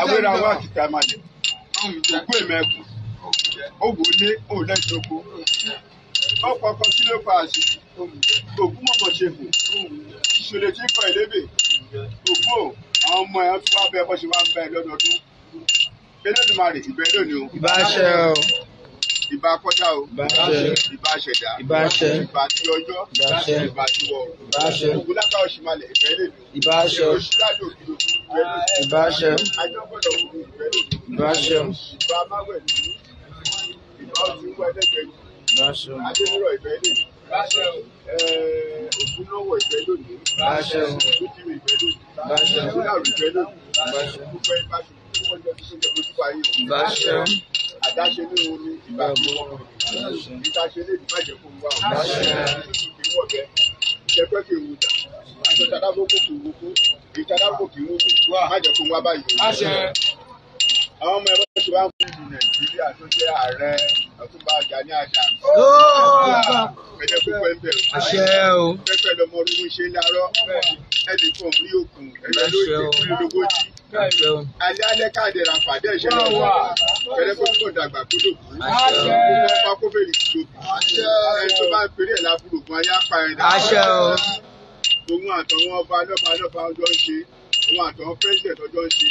Awérawá kìtà máa yẹ, ògbó èmẹ́kù, ògbó ọ̀pọ̀ ọkọ̀ sílé pa àṣì ògún mọ̀mọ̀ ṣèkù ìṣòlè tí kọ ìlébè ògbó àwọn ọmọ ẹ̀ tún wá bẹ bọ́ ṣe wá ń bẹ lọ́dọọdún Elédùmarè ìbẹ́ lónìí o. ìbá ṣe o. ìbá kọjá o. ìbá ṣẹ̀dá. ìbá ṣe. ìbá ti ọjọ́. ìbá ṣe. ìbá ti wọ̀. ìbá ṣe. ògùn látà ọ̀ṣìmalẹ̀ ìbẹ́ lèmi. ìbá ṣe. òṣìlájò kìlò ìbẹ́ lèmi. ìbá ṣe. ajọ́gbọ́dọ̀ ìbẹ́ lèmi. ìbá ṣe. ìbá máwẹ̀ lèmi. ìbá ọ̀ṣun wọ ẹlẹ́gbẹ̀ẹ́ Láṣẹ o. Adéwúrọ̀ ìfẹ́ lónìí. Láṣẹ o. Ògúnlọ́wọ̀ ìfẹ́ lónìí. Láṣẹ o. Ojútìmí ìfẹ́ lónìí. Láṣẹ o. Ìdúnàrú ìfẹ́ lónìí. Láṣẹ o. Gbogbo ẹ̀ bá ṣe kí wọ́n jẹ́ kí wọ́n jẹ́ lójú ayé o. Láṣẹ o. Àdáṣe ní omi ìgbà tó wọ́n. Ìtaṣe lè má jẹ́ kó wá o. Láṣẹ o. Ìwọ̀gẹ́ ìjẹ́pẹ́ kì í wù dà. Àṣọ ìtadábòkò kì í wù kó. Ìtadábòkò kì í wù kó. Má jẹ́ kó wá báyìí. Láṣẹ àwọn ọmọ ẹgbẹ́ tó wá ń fún ìlú nàìjíríà tó jẹ́ ààrẹ ọ̀túnba Gani Adams. ẹ̀jẹ̀ púpọ̀ ń bẹ̀rù. àṣẹ pẹ́pẹ́ lọmọ orúkú ṣe lárọ́ ẹnì kan rí òkun ẹ̀rọ ló ṣe kúrò lógójì. alẹ́ alẹ́ káàdì ràpàdé ẹ̀ṣẹ̀ náà wà pẹ̀lẹ́ kó tó dàgbà kó lò kú. kó wọ́n bèrè kí lò ẹni tó bá ń pèrè làbúrò gan ayé apá ẹ̀dá. òun àtọ̀wọn ọba lọ́ba lọ́ba ọjọ́ ń ṣe òun àtọ̀wọn pẹ́sìdẹ̀t ọjọ́ ń ṣe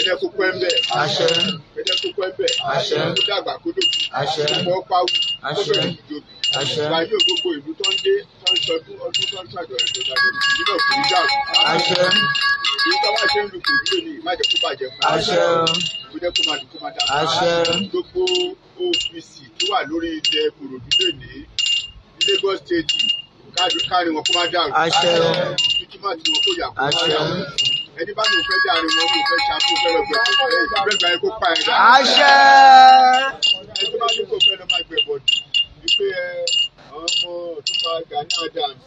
ẹ̀jẹ̀ kó pẹ́ ń bẹ̀. àṣẹ. ẹ̀jẹ̀ kó pẹ́ ń bẹ̀. àṣẹ. kó dàgbà kó dòkú. àṣẹ. kó bọ́ pawú. àṣẹ. kó bẹ̀rẹ̀ ìjòbí. àṣẹ. ìgbà yóò gbogbo ìlú tó ń dé tó ń sọdún ọdún tó ń ṣàjọyọ̀ tó dàgbà ìlú náà kò ní dàrú. àṣẹ. ìlú tó wá ṣe ń lu kò dúró ní ìmájẹ kó bàjẹ́ fún àṣẹ. ìbúdẹ́ kó máa dùn kó máa dà. àṣẹ. gbogbo OPC tó wà lórí ilẹ̀ Kòròdú lónìí Lagos State káàdì wọn kó máa dàrú. àṣẹ. títí máa ti wọn kó yà kó máa dàrú ẹni bá mi fẹ́ jàre wọn mi fẹ́ ṣàkó fẹ́rẹ̀ gbẹ̀bọ̀ gbẹ̀gbà yẹn kó pa ẹ̀ dáa. àṣẹ. ẹni bá mi kò fẹ́ lọ máa gbẹ̀bọ̀ dì í pé ọmọ Ọ̀túnba Gani Adams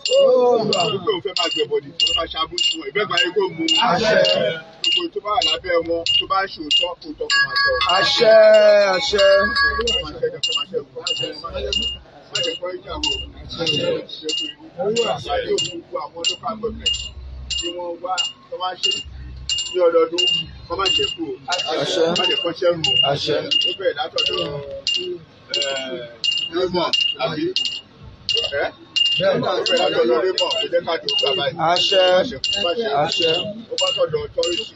àdúgbò fẹ́ máa gbẹ̀bọ̀ dì wọ́n máa ṣàbù fún ẹ̀ gbẹ̀gbà yẹn kó mu. gbogbo tó bá lábẹ́ wọn tó bá ṣe òótọ́ kó tọ́ kó máa tọ́. àṣẹ àṣẹ. Owó àṣà yóò mú tó ṣe ní ọdọọdún kọ́ jẹ́ kú o má jẹ́ kọ́ ṣẹ́rù o eh, ó bẹ̀rẹ̀ látọ̀dọ̀ raymond àbí bẹ́ẹ̀ náà ó bẹ̀rẹ̀ látọ̀dọ̀ raymond kò jẹ́ ká dùn ó bá tọ̀dọ̀ authority.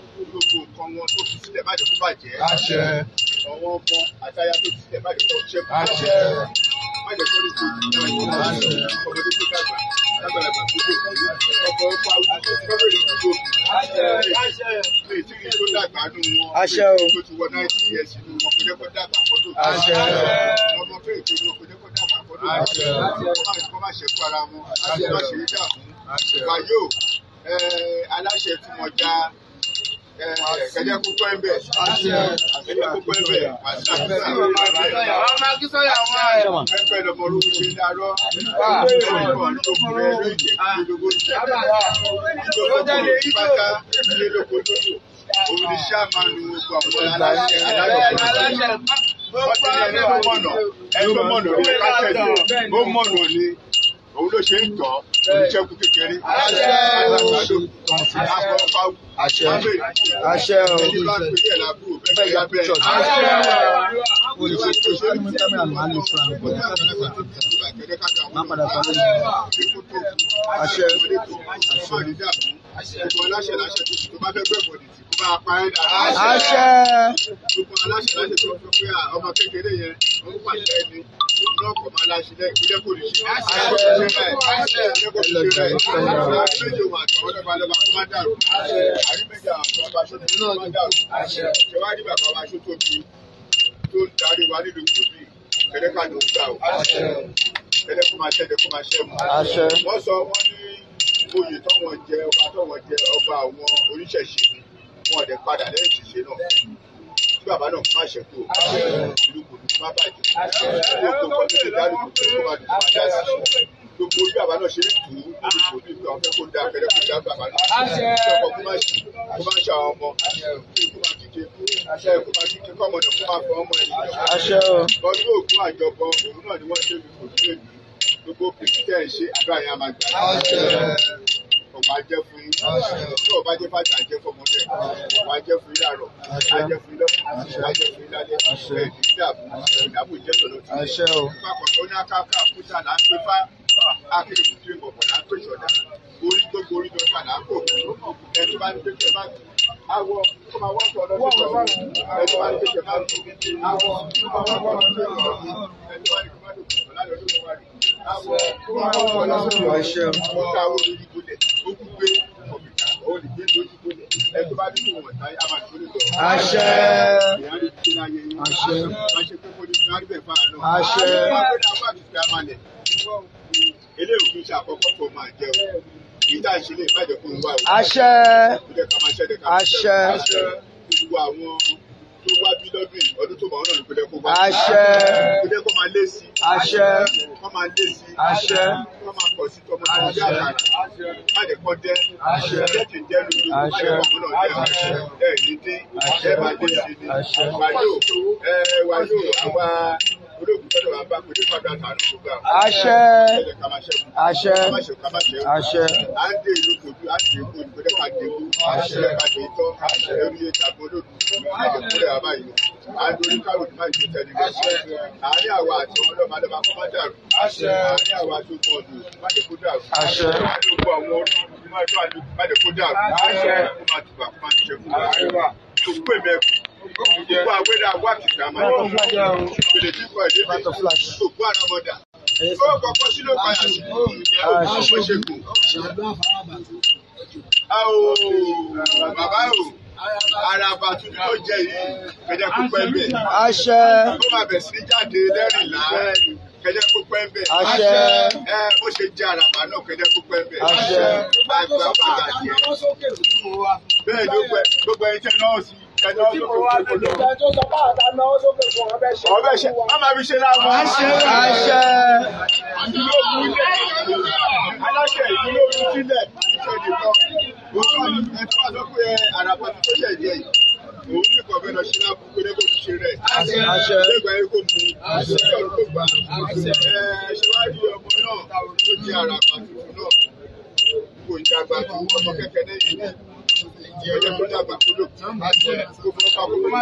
kó gbogbo nǹkan wọn tó fi sílẹ̀ má jẹ́ bàjẹ́. àṣẹ. àwọn ọmọ àtayá tó fi sílẹ̀ má jẹ́ kó àṣẹ. má jẹ́ ní kó jù náà yìí àṣẹ. ọmọdé tó dàgbà lágbàlagbà tó dé ọkọ̀ ọkọ̀ àwọn tó ti fẹ́rẹ̀ ìlú àṣẹ. àṣẹ. mi ì tó dàgbà nù wọn. àṣẹ o. tó ti wọ náà ti yẹ kẹjẹ kúkọ ẹbẹ kẹjẹ kúkọ ẹbẹ ọmọ akísọyà wọn ẹgbẹ lọmọ olóko ṣe ń darọ ẹgbẹ ìkọ lókùnrin ẹlẹjẹ ìdógó ìdógó ìpàkà ìdógó lódò òun ni sàmánu gbogbo àwọn aláṣẹ aláṣẹ wọn ti ní ẹni tó mọ̀nà ẹni tó mọ̀nà ní kákẹ́tì ó mọ̀nà ní òun ló ṣe ń tọ́ òun kékeré aláṣẹ aláṣẹ àdókùn tán sí àpọ̀ àṣẹ àṣẹ o fẹ́ àṣẹ àṣẹ. Gbogbo aláṣẹ láṣẹ tó tó bá fẹ́ gbẹ̀bọ̀ dì tí kó bá pa ẹ́ dà. Àṣẹ. Gbogbo aláṣẹ láṣẹ tó tó pé ọmọ kékeré yẹn ó ń pàṣẹ ẹni lọ́kọ̀ máa láṣẹ lẹ́yìn kó jẹ́ kó lè ṣe. Àṣẹ. Àṣẹ. Àṣẹ. Kó lè ṣe Àṣẹ. Àṣẹ. Àṣẹ. Àṣẹ. Àṣẹ oyè tọ́wọ́n jẹ ọba tọ́wọ́n jẹ ọba àwọn oníṣẹ̀ṣe wọn ọ̀dẹ̀ padà lẹ́yìn ìṣẹ̀ṣe náà tí bàbá náà má ṣe kú ìlú kò dùn má bàjẹ́ ìlú kò kọ́ tó lè kò tó má dùn má dá sí gbogbo bí bàbá náà ṣe ń tù ú kò ní ìgbà ọ̀fẹ́ kó dá abẹ́rẹ́ kó dá bàbá náà kó má ṣe kó má ṣe àwọn ọmọ kó má kíkẹ́ kó má kíkẹ́ kọ́ ọmọ kó má fọ ọmọ ẹ̀yìn ọdún ògùn àjọpọ̀ òun náà ni wọ́n ṣe lù kò èyí gbogbo pìtẹ́ ṣe àdúrà yẹn á máa gbà máa jẹ́ fún yín tí ọba jẹ́ bàjẹ́ àjẹ́ fọmọdé wàá jẹ́ fún yín láàárọ̀ wàá jẹ́ fún yín lọ́sàn-án wàá jẹ́ fún yín lálẹ́ ẹ̀ ní dàbò ìdàbò ìjẹ́ tọ̀nà tó yẹ pápọ̀ tó ní akáká kúta là ń pè fá akéwì tó ń bọ̀bọ̀ là ń pè ṣọ̀dà orí gbogbo orí gbogbo àlà ń pò ẹni bá ń pè jẹ bá awọ tó wọ́n tọ̀ lọ́sọ̀ tó ẹni bá ń pè jẹ bá awọ tó wọ́n tọ̀ lọ́sọ̀ tó wọ́n ẹni bá ń pè jẹ bá awọ tó wọ́n tọ̀ lọ́sọ̀ tó wọ́n ẹni bá ń pè jẹ bá awọ tó wọ́n tọ̀ lọ́sọ̀ tó wọ́n ẹni bá ń pè jẹ bá awọ tó wọ́n tọ̀ lọ́sọ̀ tó wọ́n ẹni bá ń pè jẹ bá awọ tó wọ́n tọ̀ lọ́sọ̀ tó wọ́n ẹni bá ń pè jẹ bá awọ tó wọ́n tọ̀ lọ́sọ̀ tó wọ́n ẹni bá ń pè jẹ bá awọ tó wọ́n tọ̀ lọ́sọ̀ tó wọ́n ẹni bá ń pè jẹ bá awọ tó wọ́n tọ̀ lọ́sọ̀ t ẹtù bá nínú wọn táyé a máa tóbi lọ. àṣẹ. ìyá ni ti ra yẹn. àṣẹ. àṣẹ pé mo ní fi rárí bẹ́ẹ̀ fáwọn náà. àṣẹ. wọ́n á bẹ̀rẹ̀ àwọn àtúntò àmàlẹ̀. eléyìí kì í ṣe àkọ́kọ́ kó máa jẹ o. kì í dá ìṣẹ̀lẹ̀ ìbàjẹ́ kó ń wá o. àṣẹ tó wá bí lọ́dún yìí ọdún tó bá ọ̀nà ìpínlẹ̀ kó máa. àṣẹ. ìpínlẹ̀ kó máa lé sí. àṣẹ. kó máa lé sí. àṣẹ. kó máa pọ̀ sí tọmọ tó ń yára. má lè kọ́ jẹ́. àṣẹ. jẹ́ jẹ́ lulu. àṣẹ. má lè kọ́ mọ́ náà dín. àṣẹ. máa dé sí ni. wàá yóò wàá yóò àwa àṣẹ àṣẹ àṣẹ. à ń dé ìlú kojú à ń dé ikú ìlú kọ́dẹ́ ká dé ikú àṣẹ ká dé itọ́ àṣẹ lórí ìtàkùn olóòtú à ń dé kúrẹ́ àbáyé à ń dorí káròtì má ìgbé tẹ̀lé lọ. àárín àwa àti ọmọ ọlọ́mọ adé máa kó má gbogbo àwẹ̀dà wàkìkà ó jẹ yìí kẹjẹ kó pẹ́ àṣẹ. tó máa bẹ̀ sí jáde lẹ́rìnlá kẹjẹ kó pẹ́ àṣẹ. ẹ bó ṣe jẹ àràbà náà kẹjẹ kó pẹ́ bẹ̀. àṣẹ. àgbà bàbá jẹ. bẹ́ẹ̀ ni ó gbogbo ẹ̀jẹ̀ náà sí tí mo wá sọ fún ní ìkọ̀wé di ọjọ́ tó dàgbà kúrò àṣẹ ìfowópamọ́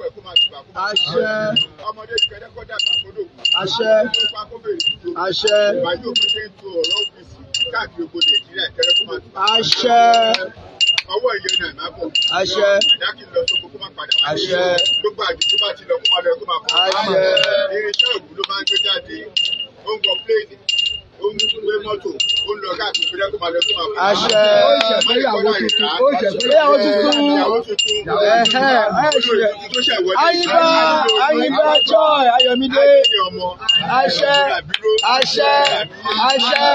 pẹ̀ kó máa tìgbà ọmọdé ti kẹ́dẹ́ kọ́ dàgbà kó dò. àṣẹ àṣẹ. òfin ṣe ń tu ọ̀rọ̀ òfìsì káàkiri ogun nàìjíríà kẹ́dẹ́ kó máa tìgbà. àṣẹ. ọwọ́ ìyẹn náà má bọ̀. àṣẹ. àdákì lọ sóko kó má padà wá. àṣẹ. gbogbo àjòjì bá ti lọ kó má lọ kó má bọ̀. àṣẹ. irinṣẹ́ òògùn ló máa ń gbé jáde. ó ń wọ pléènì ó ń gbé mọ́tò ó ń lọ káàkiri fúnlẹ̀ kó máa lọ kó máa bọ̀. àṣẹ ó ṣẹ̀fẹ́ ìyàwó tuntun ó ṣẹ̀fẹ́ ìyàwó tuntun ìyàwó tuntun ẹ̀hẹ́ ẹ̀ṣẹ̀ àyíbá àyíbá joy ayọ̀mídé àṣẹ àṣẹ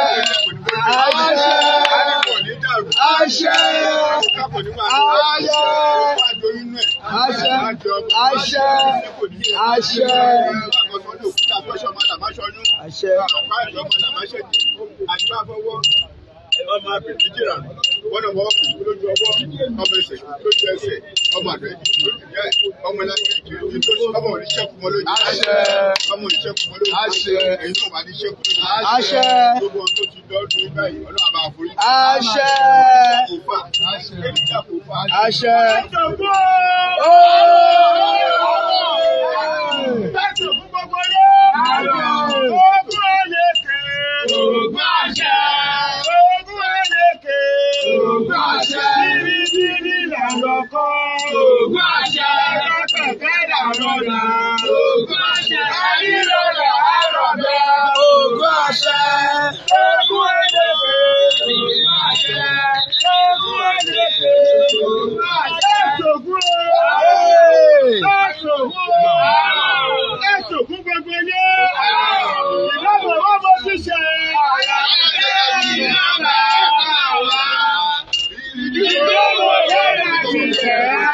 àṣẹ ọmọ làbá ṣèjì wọn ọmọ ọkùn lójú ọwọ́ ọmọ ẹsẹ̀ lójú ẹsẹ̀ ọmọ àdó ẹbí lójú ẹ ọmọ lábìrìkì tó ọmọ oníṣẹ́ kùmọ lójú àṣẹ ọmọ oníṣẹ́ kùmọ lójú àṣẹ èyí tó wà níṣẹ́ kùmọ lójú àṣẹ gbogbo ohun tó ti lọ́dún báyìí ọlọ́run àbá àforí àṣẹ àṣẹ àṣẹ. 你给我的起来！